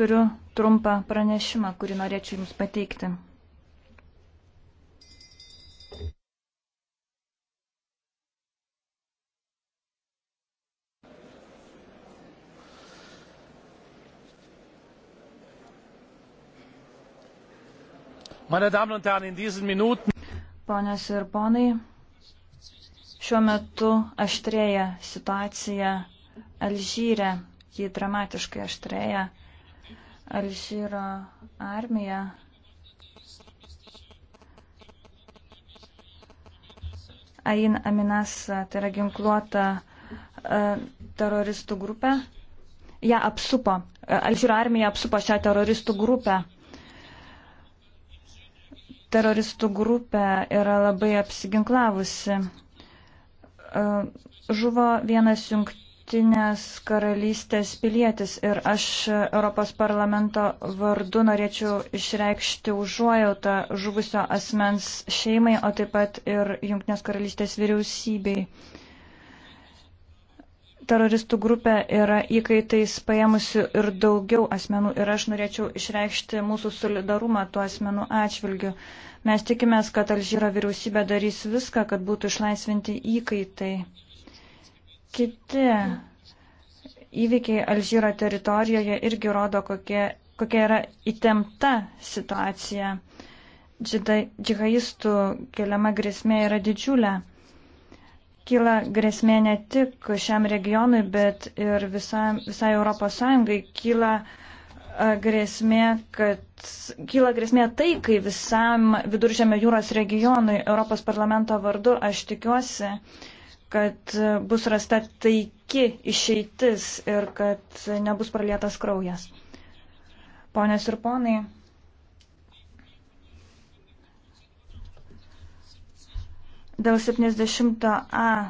Turiu trumpą pranešimą, kurį norėčiau Jums pateikti. Meine Damen und Herren, in diesen Minuten. Ponios ir ponai, šiuo metu aštrėja situacija Alžyre, ji dramatiškai aštrėja. Alžyro armija Ain Aminas, tai yra ginkluota e, teroristų grupė, ją ja, apsupo, e, Alžyro armija apsupo šią teroristų grupę. Teroristų grupė yra labai apsiginklavusi. E, žuvo vienas jungtinis Junktinės karalystės pilietis ir aš Europos parlamento vardu norėčiau išreikšti užuojautą žuvusio asmens šeimai, o taip pat ir Junktinės karalystės vyriausybei. Teroristų grupė yra įkaitais paėmusi ir daugiau asmenų ir aš norėčiau išreikšti mūsų solidarumą tuo asmenų atžvilgiu. Mes tikimės, kad Alžyro vyriausybė darys viską, kad būtų išlaisvinti įkaitai. Kiti įvykiai Alžyro teritorijoje irgi rodo, kokie, kokia yra įtempta situacija. Džihadistų keliama grėsmė yra didžiulė. Kyla grėsmė ne tik šiam regionui, bet ir visa, visai Europos Sąjungai. Kyla grėsmė, kad kyla grėsmė tai, kai visam viduržėmio jūros regionui Europos parlamento vardu aš tikiuosi, kad bus rasta taiki išeitis ir kad nebus pralietas kraujas. Ponės ir ponai, dėl 70a